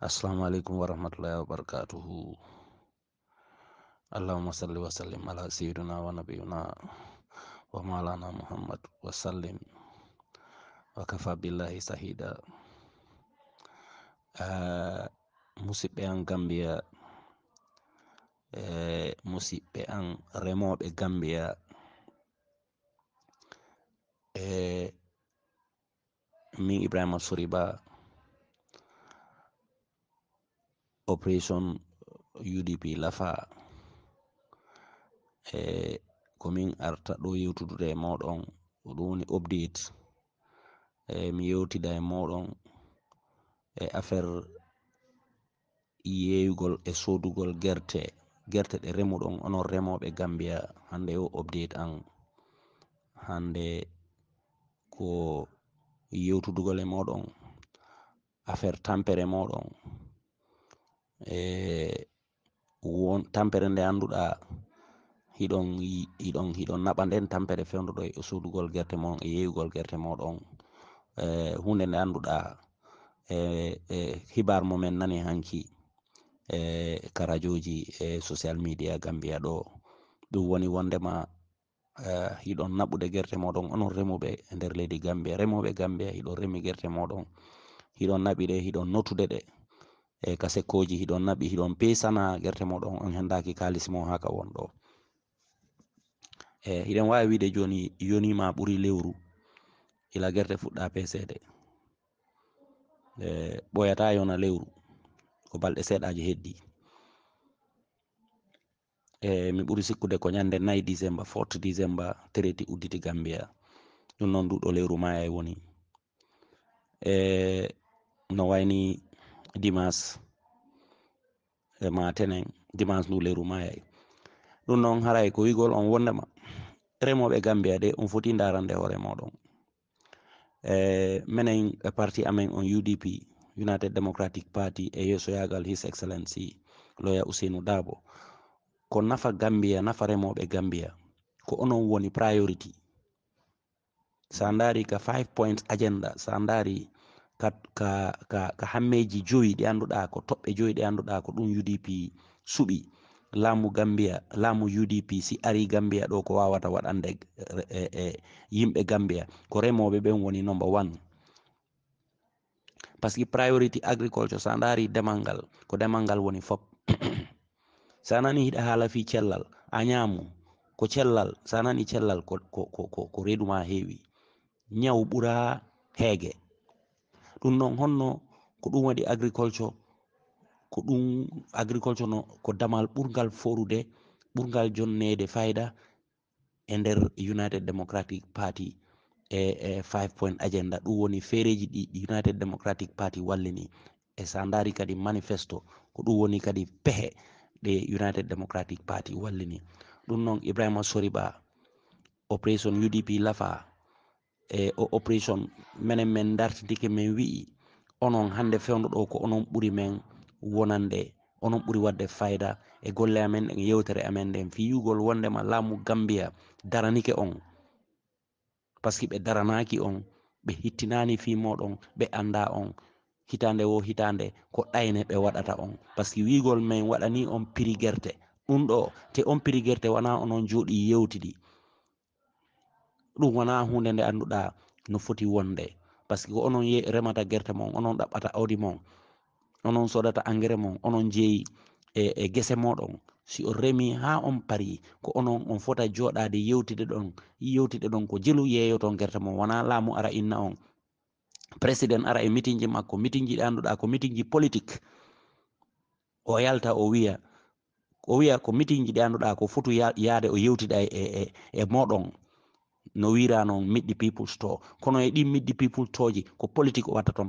asalaamaaleykum wa rahmatullahi wa barakaatuhu salli wa ala sayyidina wa nabiyina muhammad wa sallim billahi sahida uh, eh, musidɓe gambiya uh, eh, musidɓe an remoɓe gambiya e eh, min ibrahima soriba operation udp lafa e komin arta ɗo yewtududa e moɗon ɗum woni update e mi yewtida e moɗon e affaire yeeyugol e sodugol gerte ɗe remuɗon onon remoɓe gambiya hande o update an hande ko yewtudugol e moɗon affaire tampere moɗon Eh, won tampere nde annduɗa hiɗon hiɗon hiɗon naɓa nden tampere fewnuɗo e sudugol guerte mon e yeyugol guerte moɗon eh, hunde nde annduɗa e hibar momin nani hanki e ka e social media gambiya ɗo ɗum woni wondema hiɗon naɓude guerte moɗon onon remuɓe e nder leydi gambiya remoɓe gambiya hiɗon naɓiɗe hiɗon notude e ka sekkoji hiɗon naɓi hiɗon pesana guerte moɗon on hendaki kalis mo haka wonɗo e hiɗen wawi wiide joni yonima ɓuuri lewru ila guerte fuɗɗa pesede e ɓoyata yona lewru ko balɗe seeɗaji heddi e mi ɓuri sikkude ko ñande nayyi décembre fort décembre traiti udditi lewru maya e woni e dimas eh, dimas luleruma yay ɗum noon ko wigol on wondema remoɓe gambia de on foti darande hoore moɗon eh, e minen e amen on udp united democratic party e yeesoyagal his excellency loya usenu dabo ko nafa gambia nafa remoɓe gambia ko onon woni priority sa ka 5 points agenda ka hammeji joyi ɗi annduɗa ko toɓɓe joyi ɗi annduɗa ko ɗum udp suɓi laamu gambia laamu udp si ari gambia ɗo ko wawata waɗande e, e, e, yimɓe gambia ko remoɓe ɓen woni number one par que priority agriculture sa demal ngal ko demal ngal woni fop sa hiɗa haala fi cellal a ñaamu ko cellal sa nani ko ko ko ko ɓura heege ɗum noon honno ko ɗum waɗi agriculture ko ɗum agriculture no ko damal ɓurgal forude ɓurgal jonnede fayida e nder united democratic party e, e agenda ɗum woni feereji ɗi united democratic party wallini e sa daari manifesto ko ɗum woni kadi pehe ɗe united democratic party wallini ɗum noon ibrahima soriba opération udp lafa e o opération minen min wi'i onon hannde fewndo ɗo ko onon ɓuri men wonande onon ɓuri wadde fayida e golle amen en yewtere amen nden fiyugol wondema laamu gambiya daranike on par ɓe daranaki on ɓe hittinani fi ɓe anda on hitande wo hitande ko ɗayne ɓe waɗata on par ce que waɗani on prix ɗum ɗo te on prix guerte onon jooɗi yewtiɗi ɗum wona hunde nde annduɗa no foti wonde par ko onon remata guerte mon onon ɗaɓɓata awdi mon onon sodata engrais mon onon jeeyi e, e moɗon si on remi ha on pari ko onon on fota joɗade yewtide ɗon yewtide ɗon ko jelu ara inna on président ara e meeting makko meeting ji ɗi ko meeting ji politique o yalta o wiya o wiya ko meeting ji ɗi annduɗa ko fotu yaade o yewtida e, e, e, e moɗon no wira noon midɗi people to kono e ɗin midɗi people toji ko politique o watta toon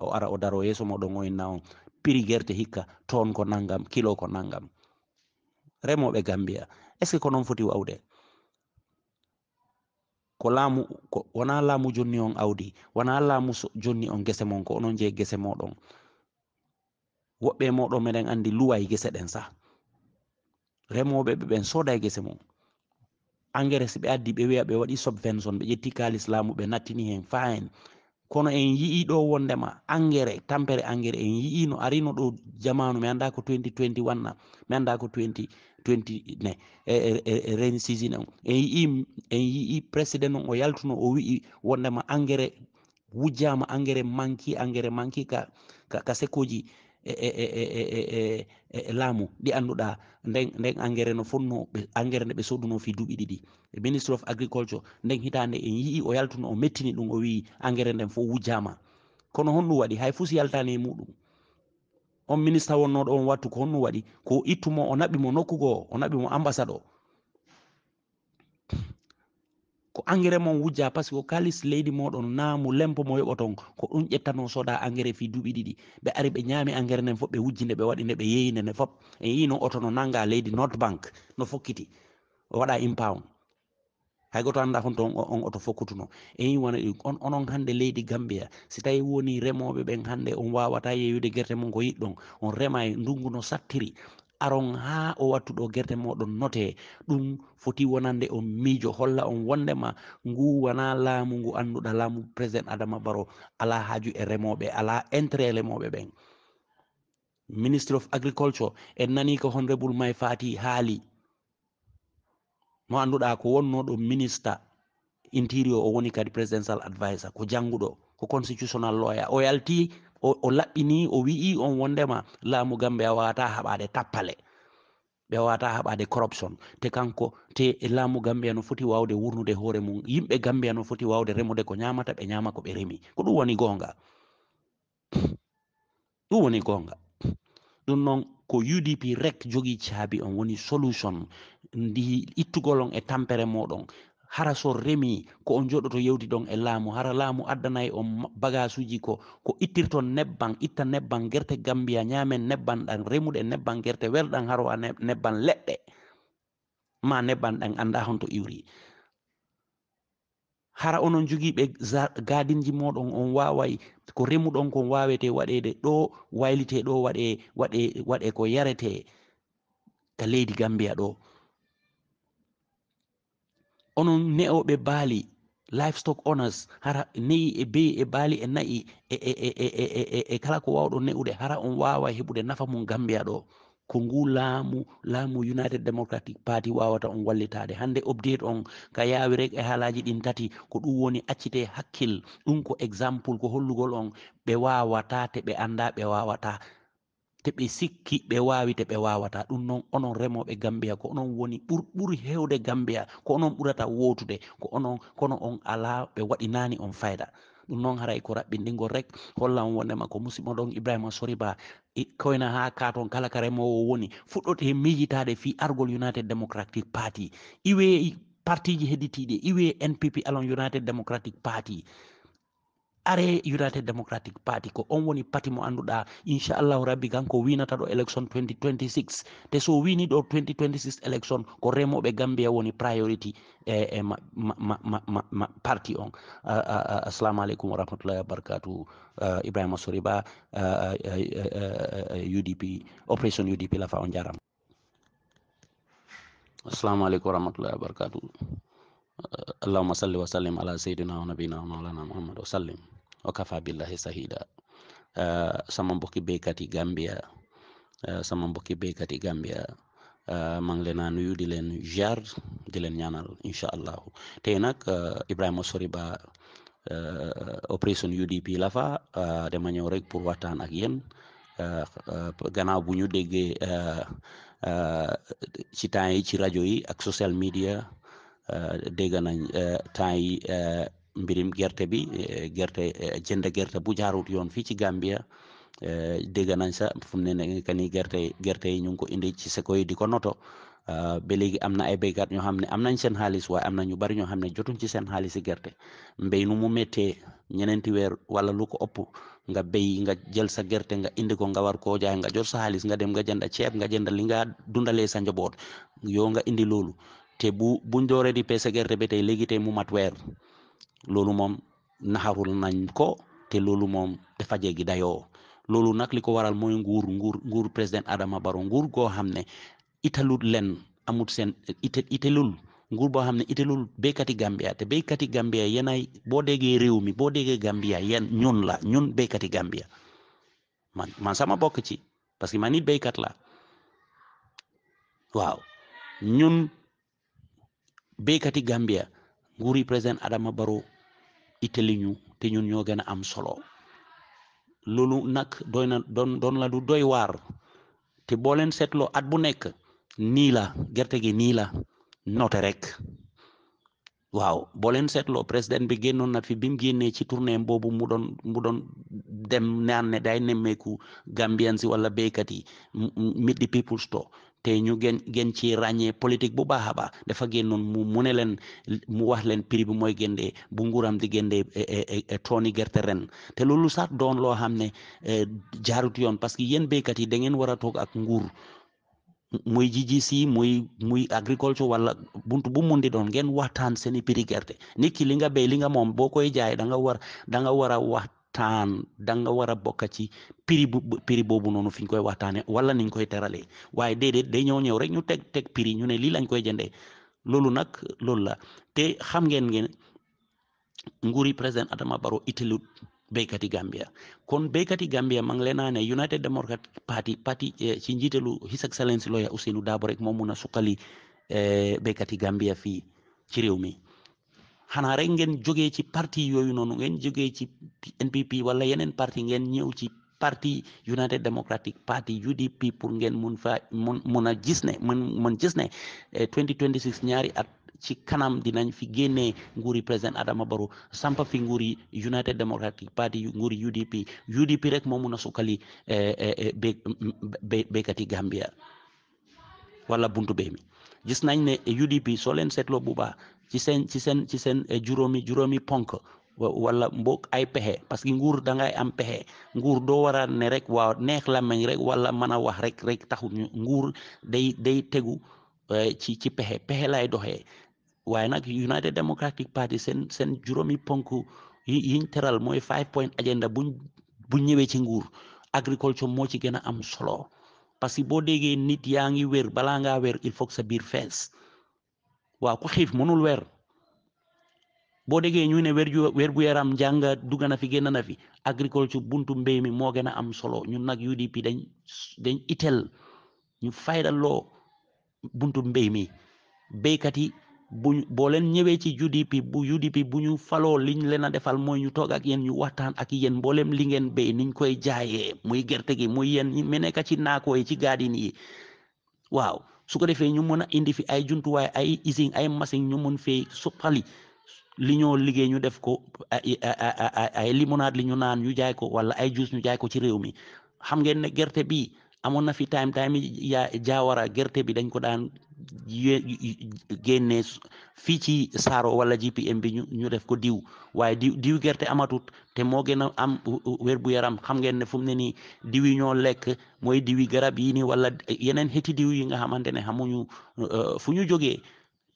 o ara o daro yeeso moɗon o enna on prix guerte hikka toon ko nanngam kilo ko nanngam remoɓe gambia est ce que ko noon ko laamu ko laamu jonni on awdi wona laamu jonni on gese moɗon woɓɓe moɗon meɗen anndi luwa e ɗen sa remoɓe ɓe ɓen sooda e gese engrais so ɓe addi ɓe wiya ɓe waɗi subvention ɓe ƴetti kalis laamu ɓe nattini hen fa hen kono en yi'i ɗo wondema engrais tampere engrais en yi'i no arino ɗo jamanu mi annda ne en yi'i en yi'i o yaltuno o wi'i wondema engrais wujjama engrais manki engrais manki ka ka, E, e, e, e laamu ɗi annduɗa nden nden engrais no fonno engrais nde ɓe soduno fi duuɓi ɗiɗi ministre of agriculture nden hitande en yii o yaltuno o mettini ɗum o wi engrais nden fof wujjama kono honɗum waɗi hay fuu si yaltani e muɗum on ministre wonnoɗo on wattu ko honɗum waɗi ko ittumo o naɓimo nokku goo o naɓimo ambassade o ko engrais mon wujja par que o kalis leydi moɗon naamu lempo mo yoɓoton ko ɗum ƴettano soda fi duuɓi ɗiɗi ɓe ari ɓe ñaami engrais nen fof ɓe wujji nde ɓe waɗi nde ɓe yeeyinde nde fof en yino oto no nanga leydi north bank no fokkiti o waɗa impound on, on oto fokkutuno eyi woni remoɓe ɓen hannde on wawata yeyude guerte mum ko yiɗɗon on rema e no sattiri aron ha o gerte moɗon note ɗum foti wonande on miijo holla on wondema ngu wona laamu ngu annduɗa laamu président adama baro ala haaju e remoɓe ala intérêt e remoɓe ɓen ministry of agriculture en nani ko honorable may fati haali no annduɗa ko wonnoɗo ministre interieur o woni kadi présidential advisor ko jannguɗo ko constitutional lawyer o yalti o, o laɓɓini o wi'i on wondema laamu gam ɓe wawata haɓade tappale ɓe wawata haɓade corruption te kanko te laamu gambia no foti wawde wurnude hoore mum yimɓe gambia no foti wawde remude ko ñamata ɓe ñama ko ɓe remi ko ɗum woni gonga ɗum woni gonga ɗum noon ko udp rek jogi caabi on woni solution ndi ittugol on e tampere moɗon hara so ko on joɗoto yewdi ɗon e laamu hara laamu addanayi on bagasuji ko ittirton nebban itta nebban gerte gambiya ñaamen nebban ɗan remuɗe nebban gerte welɗan haro a nebban leɗɗe ma nebban ɗan annda honto iwri hara onon jogii gadinji moɗon on waway ko remuɗon kon wawete waɗede ɗo waylite ɗo waɗe ko yarete ka leydi gambiya ɗo onon ne'oɓe baali livestock owners hara neyi e beyi e baali e nayi e, e, e, e kala ko wawɗo ne'ude hara on wawa heɓude nafa mum gambiya ɗo ko ngu laamu united democratic party wawata on wallitade hande update on ka yawire e haalaji ɗin tati ko ɗum woni accite hakkil ɗum ko exemple ko hollugol on ɓe wawata te ɓe anda ɓe wawata te ɓe sikki ɓe wawi te ɓe wawata ɗum noon onon remoɓe gambiya ko onon woni ɓuri hewde gambiya ko onon ɓurata wotude ko onon kono on ala ɓe waɗinani on fayda ɗum noon haray ko raɓɓindigo rek hollan wonema ko musidɗo ɗon ibrahima sori ba koyna ha katon kala ka remowo woni fuɗɗote miijitade fi argol united démocratic party iwe partiji hedditiɗi iwe npp alon united démocratic party are united democratic party ko on woni parti mo annduɗa inchallahu rabbi kanko winata ɗo élection 2026 wini ɗo 2026 ko remoɓe gambia woni priority e, e on assalamu aleykum wa wabarakatu ibrahima sori udp lafa on jarama assalamu aleykum wa rahmatullahi allahuma salli wa sallim ala sayyidina wa nabina mawlana muhammad wa kafa billahi sahida eh, sama mbokki béykat yi Gambia eh, sama mbokki béykat yi Gambia eh, maa ngi leen a nuyu di leen jaar di leen ñaanal incha allahu tey nag Ibrahima Sori Ba opération UDP la fa dama ñëw rek pour waxtaan ak yéen gannaaw bu ñu déggee ci temps yi ci rajo yi ak social media. Eh, dégg nañ eh, temps yi eh, mbirim gerte bi gerte jënd gerte bu jaarut yoon fii ci Gambia dégg nañ sa fu mu ne nekk nii gerte gerte yi ñu ngi ko indi ci seko yi di ko noto ba léegi am na ay béykat ñoo xam ne am nañ seen xaalis waaye am na ñu bari ñoo xam ne jotuñ ci seen xaalis si gerte mbéy nu mu méttee ñeneenti weer wala lu ko ëpp nga béy nga jël sa gerte nga indi ko nga war koo jaay nga jot sa xaalis nga dem nga jënd ceeb nga jënd li nga dundalee sa njaboot yow nga indi loolu te bu buñ dooree di peese gerte be tey léegi tey mu mat weer loolu moom naxarul nañ ko te loolu moom dafa jéggi dayoo loolu nag li ko waral mooy nguur nguur nguur président Adama Barrow nguur goo xam ne italut len amut seen ite itelul nguur boo xam ne itelul béykati Gambia te béykati Gambia yenay boo déggee réew mi boo déggee Gambia yen ñun la ñun béykati Gambia man man sama bokk ci parce que man nit béykat la waaw ñun. béykati Gambia nguur yi président Adama Barrow itali ñu te ñun ñoo gën a am solo loolu nag doy na doon doy waar te boo leen seetloo at bu nekk nii la gerte gi nii la noote rek. waaw boo leen seetloo président bi génnoon na fi bi mu génnee ci tournée boobu mu doon mu doon dem naan ne day nemmeeku Gambien si wala béykat yi meet the people store te ñu gën gën ci ràññee politique bu baax a baax dafa génnoon mu mu ne leen mu wax leen prix bi mooy géndee bu nguuram di géndee e, e, e, tooni gerte ren te loolu sax doon loo xam ne jaarut yoon parce que yéen béykat yi da ngeen war a toog ak nguur muy GGC muy muy agriculture wala buntu bu mu doon ngeen waxtaan seeni i gerte nit ki li nga béy li nga moom boo koy jaay da nga war da nga war a waxtaan da nga war a bokk ci prix bu prix boobu noonu fi ñu koy waxtaanee wala niñ koy teralee waaye déedéet day ñëw ñëw rek ñu teg teg prix ñu ne lii lañ koy jëndee loolu nag loolu la te xam ngeen ngeen nguuri président Adama Barrow italut béykati Gambia kon béykati Gambia ma ngi leen naa ne United Democratic Party parti eh, ci njiitalu His Excellency Lawyer Ousainou daabo rek moo mun a suqali eh, béykati Gambia fii ci réew mi xanaa rek ngeen jógee ci parti yooyu noonu ngeen jógee ci NPP wala yeneen parti ngeen ñëw ci parti United Democratic Party UDP pour ngeen mun fa mun mun a gis ne mun mun gis ne 2026 eh, ñaari at. ci kanam dinañ fi génnee nguuri président Adama Barrow samp fi nguuri United Democratic Party nguuri UDP UDP rek moo mun a sukkali eh, eh, eh, béykati Gambia wala buntu bee mi gis nañ ne UDP soo leen seetloo bu baax ci seen ci seen ci seen juróomi juróomi ponk wala mbokk ay pexe parce que nguur da ngay am pexe nguur doo war a ne rek waaw neex làmmiñ rek wala mën a wax rek rek taxul ñu nguur day day tegu ci ci pexe pexe lay doxee waaye nag United Democratic Party seen seen juróomi ponk yiñ teral mooy five point agenda buñ bu ñëwee ci nguur agriculture moo ci gën a am solo parce que boo déggee nit yaa ngi wér balaa ngaa wér il faut sa biir fees waaw ku xiif mënul wér boo déggee ñu ne wér bu yaram njàng dugg na fi génn na fi agriculture buntu mbéy mi moo gën a am solo ñun nag UDP dañ dañ itel ñu faydaloo buntu mbéy mi béykat yi bu boo leen ñëwee ci UDP bu UDP bu ñu faloo liñ leen a defal mooy ñu toog ak yéen ñu waxtaan ak yéen mboolem li ngeen béy niñ koy jaayee muy gerte gi muy yéen ñi nekk ci naako yi ci gaadin yi waaw su ko defee ñu mën a indi fi ay jumtuwaay ay isin ay machine ñu mën fee suqali li ñoo liggéey ñu def ko ay ay limonade li ñu naan ñu jaay ko wala ay juice ñu jaay ko ci réew mi xam ngeen ne gerte bii. amoon na fi time time yaa jaawara gerte bi dañ ko daan génne fii ci saaro wala GPM bi ñu ñu def ko diw waaye diw diw gerte amatut te moo gën a am wér yaram xam ngeen ne fu ne nii diw yi ñoo lekk mooy diwi garab yi nii wala yeneen xeeti diw yi nga xamante ne xamuñu euh, fu ñu jógee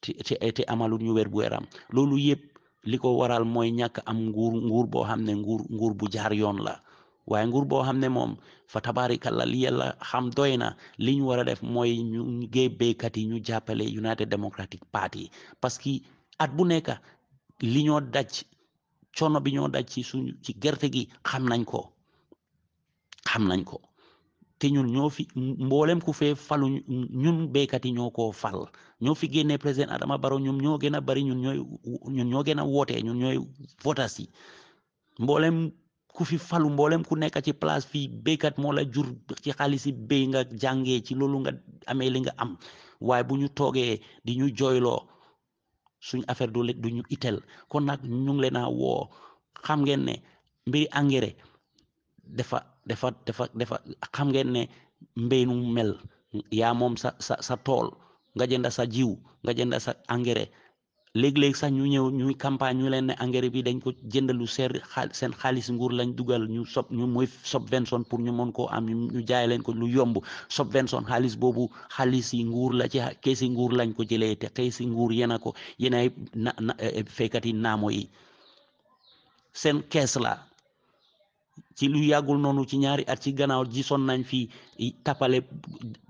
te te amalul ñu wér yaram loolu yëpp li ko waral mooy ñàkk am nguur nguur boo xam ne nguur nguur bu jaar yoon la. waaye ngur boo xam ne moom fa tabaarikàlla li yàlla xam doy na li ñu war a def mooy ñu ngee béykat yi ñu jàppale United Democratic Party parce que at bu nekk li ñoo daj coono bi ñoo daj ci suñu ci gerte gi xam nañ ko xam nañ ko te ñun ñoo fi mboolem ku fee falu ñun béykat yi ñoo koo fal ñoo fi génnee président Adama Barrow ñoom ñoo gën a bari ñun ñooy ñun ñoo gën a woote ñun ñooy votas ku fi falu mboolem ku nekk ci place fii béykat moo la jur ci xaalisi béy nga jàngee ci loolu nga amee li nga am waaye bu ñu toogee di ñu jooyloo suñ affaire du du ñu itel kon nag ñu ngi leen a woo xam ngeen ne mbiri engrais dafa dafa dafa defa xam ngeen ne mbéy nu mel yaa moom sa sa sa tool nga jënda sa jiw nga jënda sa engrais léeg-léeg sax ñu ñëw ñu campagne ñu leen ne engrais bi dañ ko jëndalu seer seen xaalis nguur lañ dugal ñu sob ñu mooy subvention pour ñu mën koo am ñu jaay leen ko lu yomb subvention xaalis boobu xaalis yi nguur la ci kees nguur lañ ko jëlee te kees yi nguur yéen a ko yéen ay na eh, eh, fekkat yi naamo yi seen kees la ci lu yàggul noonu ci ñaari at ci gannaaw gisoon nañ fi tapale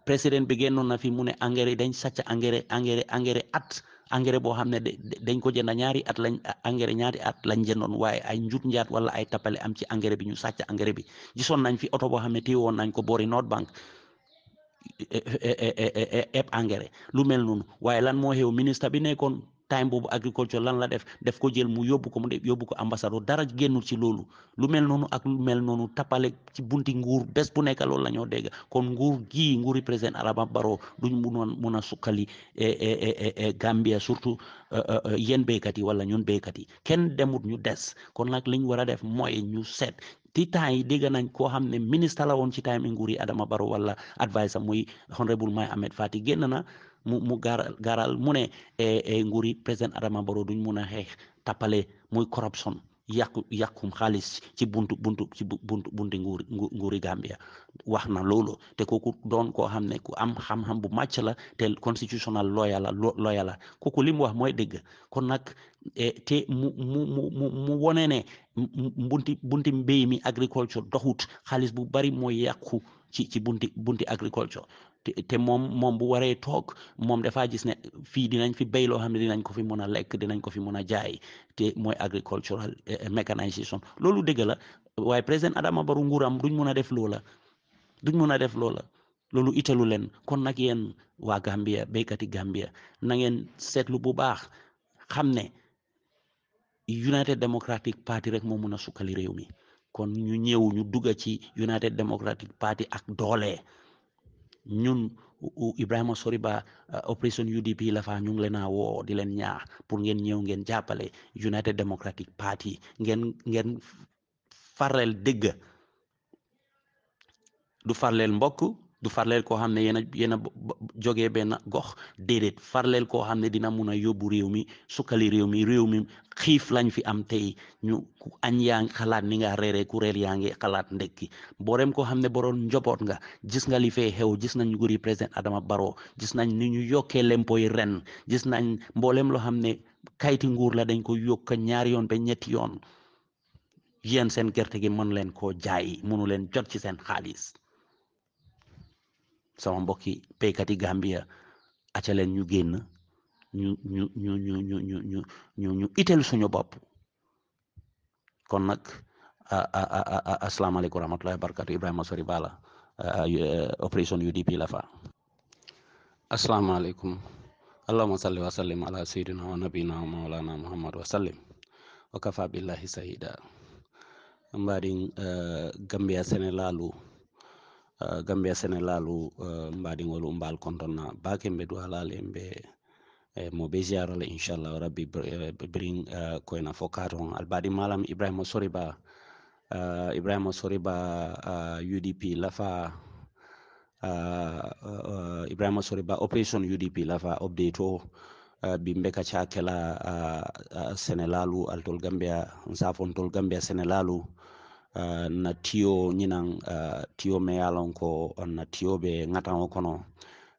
président bi génnoon na fi mu ne engrais dañ sàcc engrais engrais engrais at engrais boo xam ne dañ ko jënd ñaari at lañ engrais ñaari at lañ jëndoon waaye ay njut njaat wala ay tapale am ci engrais bi ñu sàcc engrais bi gisoon nañ fi oto boo xam ne téye woon nañ ko boori North Bank ep engrais lu mel noonu waaye lan moo xew ministre bi nekkoon time boobu agriculture lan la def def ko jël mu yóbbu ko mu yóbbu ko ambassadeur dara génnul ci loolu lu mel noonu ak lu mel noonu tappale ci bunti nguur bes bu nekk loolu la ñoo dégg kon nguur gii nguuri président Adama Barrow duñ munoon mun a sukkali eh, eh, eh, Gambia surtout yéen béykat yi wala ñun béykat yi kenn demut ñu des kon nag liñ war a def mooy ñu seet ti temps yi dégg nañ koo xam ne ministre la woon ci time nguur yi Adama Barrow wala adviser muy honorable Mai Ahmed Fatty génn na. mu mu garal garal mu ne e, e nguuri président Adama Barrow duñ mun a xeex tappale muy corruption yàqu yàqum xaalis ci buntu buntu ci buntu buntu nguuri nguuri Gambia wax na loolu te kooku doon koo xam ne ku am xam bu màcc la te constitutional lawyer la lawyer la kooku li mu wax mooy dëgg kon nag e, te mu mu mu mu wone ne bunti bunti mbéy mi agriculture doxut xaalis bu bari mooy yàqu ci ci bunti bunti agriculture te moom moom bu waree toog moom dafaa gis ne fii dinañ fi béy loo xam ne dinañ ko fi mën a lekk dinañ ko fi mën a jaay te mooy agricultural eh, eh, mécanisation loolu dëgg la waaye président Adama Barrow nguuram duñ mën a def loola duñ mën a def loola loolu itelu leen kon nag yéen waa Gambia béykati Gambia na ngeen seetlu bu baax xam ne United Democratic Party rek moom mun a sukkali réew mi kon ñu ñëw ñu dugga ci United Democratic Party ak doole. ñun Ibrahima Sori Ba uh, opération UDP la fa ñu ngi leen a woo di leen ñaax pour ngeen ñëw ngeen jàppale United Democratic Party ngeen ngeen farleel dëgg du farleel mbokk. du farleel koo xam ne yéen a yéen a benn gox déedéet farleel koo xam ne dina mun a yóbbu réew mi sukkali réew mi réew mi xiif lañ fi am tey ñu ku añ yaa xalaat ni nga reeree kuréel yaa ngi xalaat ndekki boorem koo xam ne boroom njaboot nga gis nga li fee xew gis nañ nguuri président Adama Barrow gis nañ ni ñu yokkee lempoy ren gis nañ mboolem loo xam ne kayiti nguur la dañ ko yokk ñaari yoon ba ñetti yoon yéen seen gerte gi mën leen koo jaayi mënu leen jot ci seen xaalis sama mbokki paykat yi Gambia aca leen ñu génn ñu ñu ñu ñu ñu ñu ñu ñu ñu itteel suñu bopp kon nag asalaamaaleykum rahmatullahi barkatu Ibrahima Sori Bala opération UDP la fa asalaamaaleykum allahuma salli wa sallim ala sayyidina wa nabina wa maulana muhammad wa sallim wa kafa billahi sahida mbaɗin gambia sene laalu Eh, gambia senelalu eh, mbaɗigol umbal kontonna bake mbeɗu halal en ɓe eh, mo ɓe jarole inchallah rabbi brin koyna fo kato on albaɗi malam ibrahima soriba udp lafa ibrahima soriba opération udp lafa update o bimɓe kaca kela altol gambia safontol gambia senelalu uh, na tiyo ñinan uh, tiyo ko uh, na tiyo be ŋataŋo kono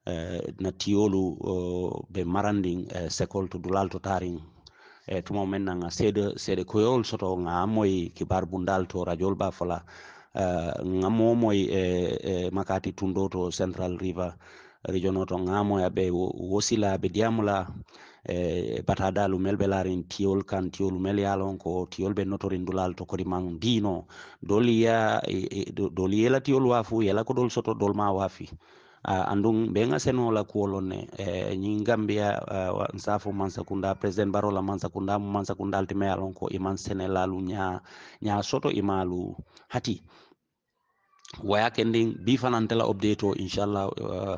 uh, na tiyolu uh, marandin uh, sekol to dulal to tarin e tuma men na ŋa seede seede koyol soto ŋa moyi kibar bundal to radiol ba fola uh, ŋa momoy e, e makati tundo to central river region wosila ɓe diyamula e batadalum mel ɓe laaren tiyol kan tiyolu mel yalon ko tiyol ɓe notorin to kodi man dino dol ya e, e, dol yela tiyol wafu yela ko dol soto dol ma wafi uh, andun ɓe ga senola kuwolonne e eh, ñin gambia uh, nsafo mansakunda président barola mansakunda mo mansakunda altime yalon ko iman senelalu ña ña soto imalu hati waya kendin bi fanantela update o inchallah e,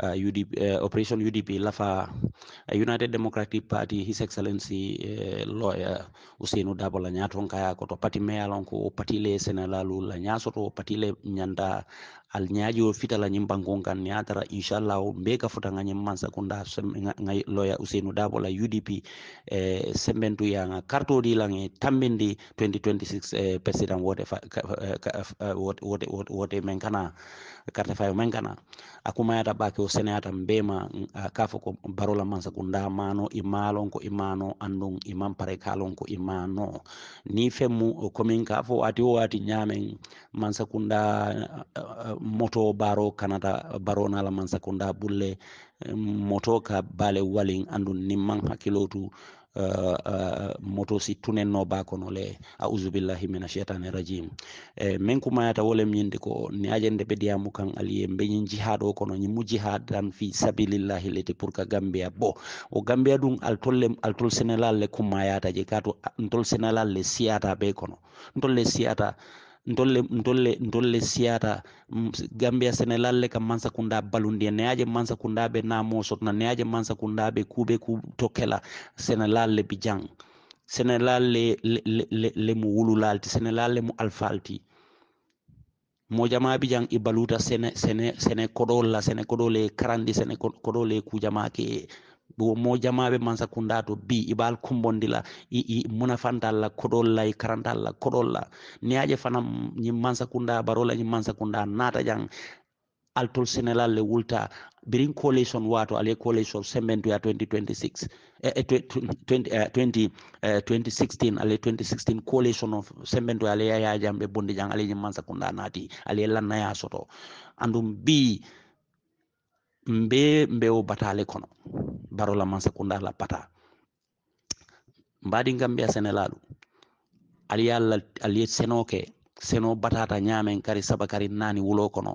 UDP uh, uh, operation UDP lafa uh, United Democratic Party His Excellency lawyer Ousainou Darboe la ñaaton kaya koto pati meyalon ko o le senelalu la ñaasoto o le ñanda al ñaajo fita la ñim kan ni atara inshallah mbe ka futa nga ñim mansa kunda lawyer Ousainou Darboe la UDP eh, sembentu ya nga karto di tambindi 2026 eh, wote eh, men kana karta mangana akuma yata bake sene yata mbema kafo ko barola mansa ko ndamano imalon andun imam pare kalon ko femmu komin kafo ati o wati nyamen mansa moto baro kanata baro nala mansa kunda bulle moto ka bale walin andun nimman hakkilotu Uh, uh, moto si tunen no kono le a'udhu billahi minash shaitani rajim e kumayata wolem nyinde ko ni ajende be diamu kan aliye be nyin jihad kono nyimu jihad dan leti pour ka gambia o gambia dum altol senelal le kumayata je kato ntol senelal le siata be kono ntol le siata ndolle ndolle ndolle siyata gambia sénégal le kam mansakunda balundiya neyaje mansakunda ɓe namo sotna neyaje mansakunda ɓe kuɓe ku tokkela sénégal le bi jang le le mo wululalti sénégal le mo alfalti mojama bi jang i baluta sene sene sene koɗol la sene koɗole karandi sene koɗole mo jamaɓe mansakunda to bi ibal kumbondila i munafantalla koɗolla i karantalla koɗolla niyaje fana ñin mansakunda barola ñin mansakunda naata jang altol sénégal le wulta birin coalition wato ale coalition sembentuya 2026 eh, 20, uh, 20, uh, 2016 ale 2016 coalition of sembentuya ale yaya jamɓe bondi jang ale ñin lannaya soto andum bi mbe mbewo batale kono barola mansakunda la pata mbadi gambia senelalu aliye allah aliye seno ke seno batata kari saba kari nani wulo kono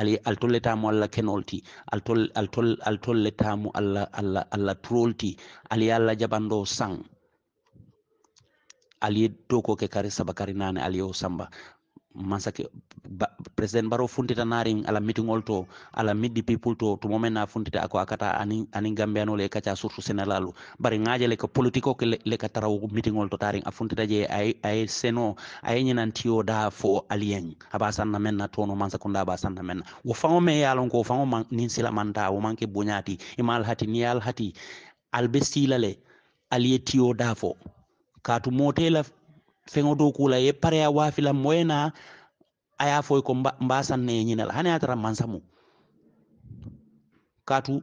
ali al tolletamu allah kenol ti al tolletamu allah allah allah turol kari saba kari nane aliye o samba masake ba, president baro funtita narin ala mitingol to ala middi people to to momen na funtita a akata ani ani gambiano le kacha surtu senalalu bari ngaje le ko politiko ke le, le ka taraw mitingol to tarin a funtita je ay ay seno ay nyinan tiyo da fo alien aba sanna men na tono mansa kunda aba sanna men wo fango me yalon ko fango man nin sila manta wo manke bunyati imal hati niyal hati albe silale aliye tiyo da fo feŋo do kula ye pareya waafila moye na a ye a foyi ko mba sannaye ñine la hani ye tara mansamu kaatu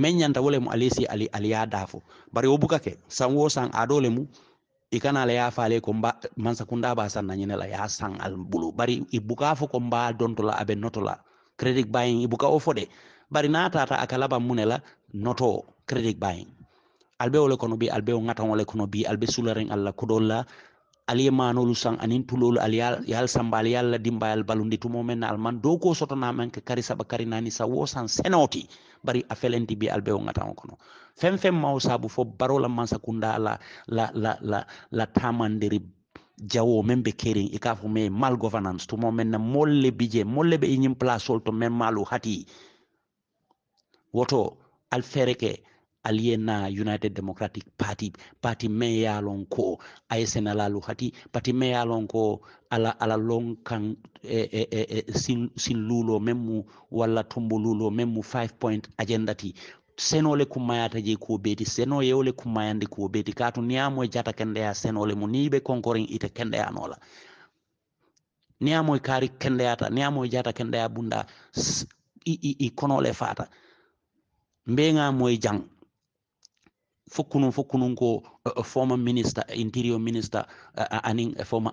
meŋ ñanta wo lemu ali si ali ali ye daafo bari wo buka ke san wo san ado lemu i kana la ye a faale ko mba mansakunda ba sanna ñine la ye a san al bulu bari i buka fo ko mba donto la abe noto la credit buying i buka wo fo de bari na tata a ka laban mu ne la noto credit buying albe wole kono bi albe ngatan wole kono bi albe sularen alla kudolla aliye manolu san anin tulolu ali yal samba ali yalla dimba yal balundi tumo men alman do ko soto na men kari saba kari nani sa wo san senoti bari afelenti bi albe ngatan kono fem fem maw sabu fo barola la la la la la tamandiri jawo men be kerin i k'a fɔ me mal governance tumo men na molle bije molle be iñin place aliena united democratic party party meyalon ko aisenalalu hati party meyalon ko ala ala kan e, e, e, sin, sin memmu walla tombo lulo memmu 5 point agenda ti senole kummayata je ko beeti seno yewle kummayande ko beeti kaatu niyamoye jata kendeya senole mu ni ɓe concorin ite kendeyanola niyamoye kaari kendeyata niyamoye jata kendeya bunda i, i, i konole fata mbegamoye jang fokkunum fokkunum ko former minister interior minister anin former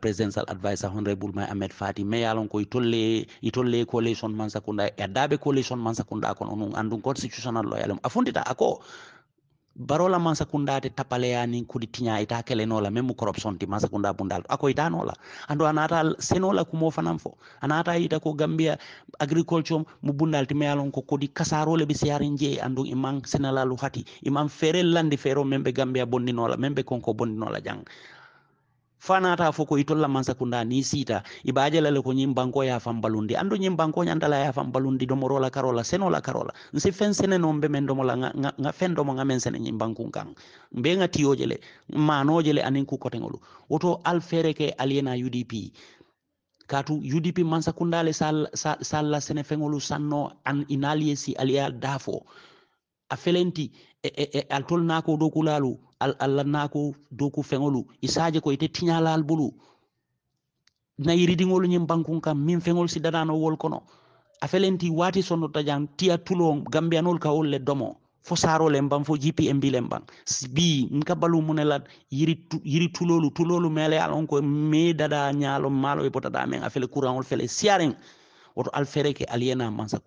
presidential adviser honorable mai ahmed fati meyalon ko itolle itolle coalition man sakunda e addaɓe coalition man sakunda kon onon andun constitutional loyalum a fundita ako barola mansakunda te tapaleya nin kudi tiña ita kelenola même corruption ti mansakunda bundal ako itanola ando anata senola kumo fanan fo anata ita ko gambia agriculture mu bundal ti meyalon ko kodi kasarole be siyarin je ando imam senalalu hati imam fere landi fero membe gambia bondinola membe konko bondinola jang fanata fo ko itolla mansakunda ni sita ibaje lale ko nyim banko ya fam balundi ando nyim banko nyandala ya fam balundi domoro la karola senola karola nsi fen sene no mbe men domola nga, nga, nga fen domo nga men sene nyim banku kan mbe nga tiyoje le manoje le anin ku kote ngolu woto alfere ke aliena UDP katu UDP mansakunda le sal sal, sal la sene fengolu sanno an inalie si alia dafo afelenti E, e, e, altol nako dokulalu al allah nako doku feŋolu isaje ko ite tiñala al bulu nayiridiŋolu ñiŋ bankun kam miŋ feŋolu sidanano wol kono a felenti waati sonnota jaŋ tiya tulo gambiyanolu ka wolu le domo fo saaro le fo gpmb le bi nka balu mune la yiri, tulolu tulolu mele alon ko me dada ñalo malo e potata men a fele courantol fele siyareŋ woto alfere ke aliena mansa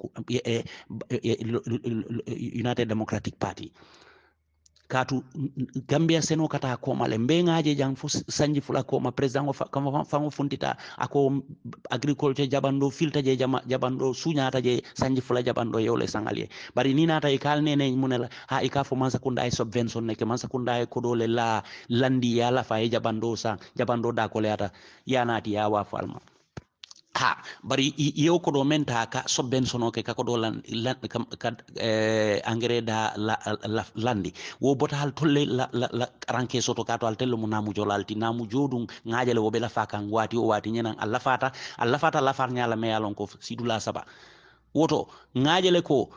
united democratic party katu gambia seno kata komale mbeŋaje jan fo sanji fula koma président kama fango funtita agriculture jabanɗo filta je jabanɗo suñata je sanji fula jabanɗo yewle sangal ye bari ni nata e kal nene munela ha e fo man sakunda e subvention neke man sakunda e koɗole la landi ya lafa e jabanɗo san jabanɗo dakole ata yanati ya wafo alma ha bari yew ko ɗo menta ka sobben sonoke kako ɗo engrais wo bota hal tolle ranke ka to hal tello mo namujo lalti namujo ɗum woɓe lafa kan wati o wati ñanan allah fata allah fata lafar ñala meyalon ko sidula saba woto ngajele ko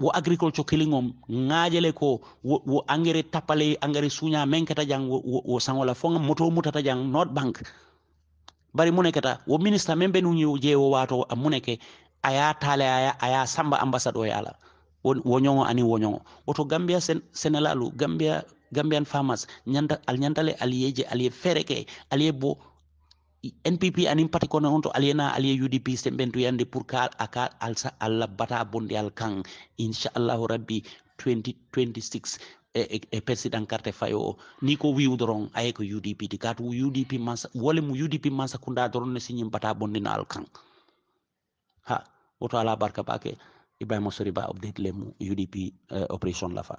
wo agriculture killing om ŋaajele ko wo, wo engrais tappale engrais suña men kata wo, wo, wo mutata jang north bank bari muneke ta wo minister meŋ be wo waato a muneke a taale a ye a samba wo ñoŋo aniŋ wo woto gambia senelalu gambia gambian al ñantale ali je ali ye ke ali ye npp aniŋ pati kononto ali ye na ali udp sembentuyandi pour ka ka al, al al kaŋ inchallahu rabbi 2026 e, e, e persiɗan carte fayo o ni ko wiwdoron aye ko udp ti gat udp masa wole udp masa kunda doron ne siñim bata bondina al kan ha woto ala barka bake ibrahima sori ba update lemu udp uh, eh, operation lafa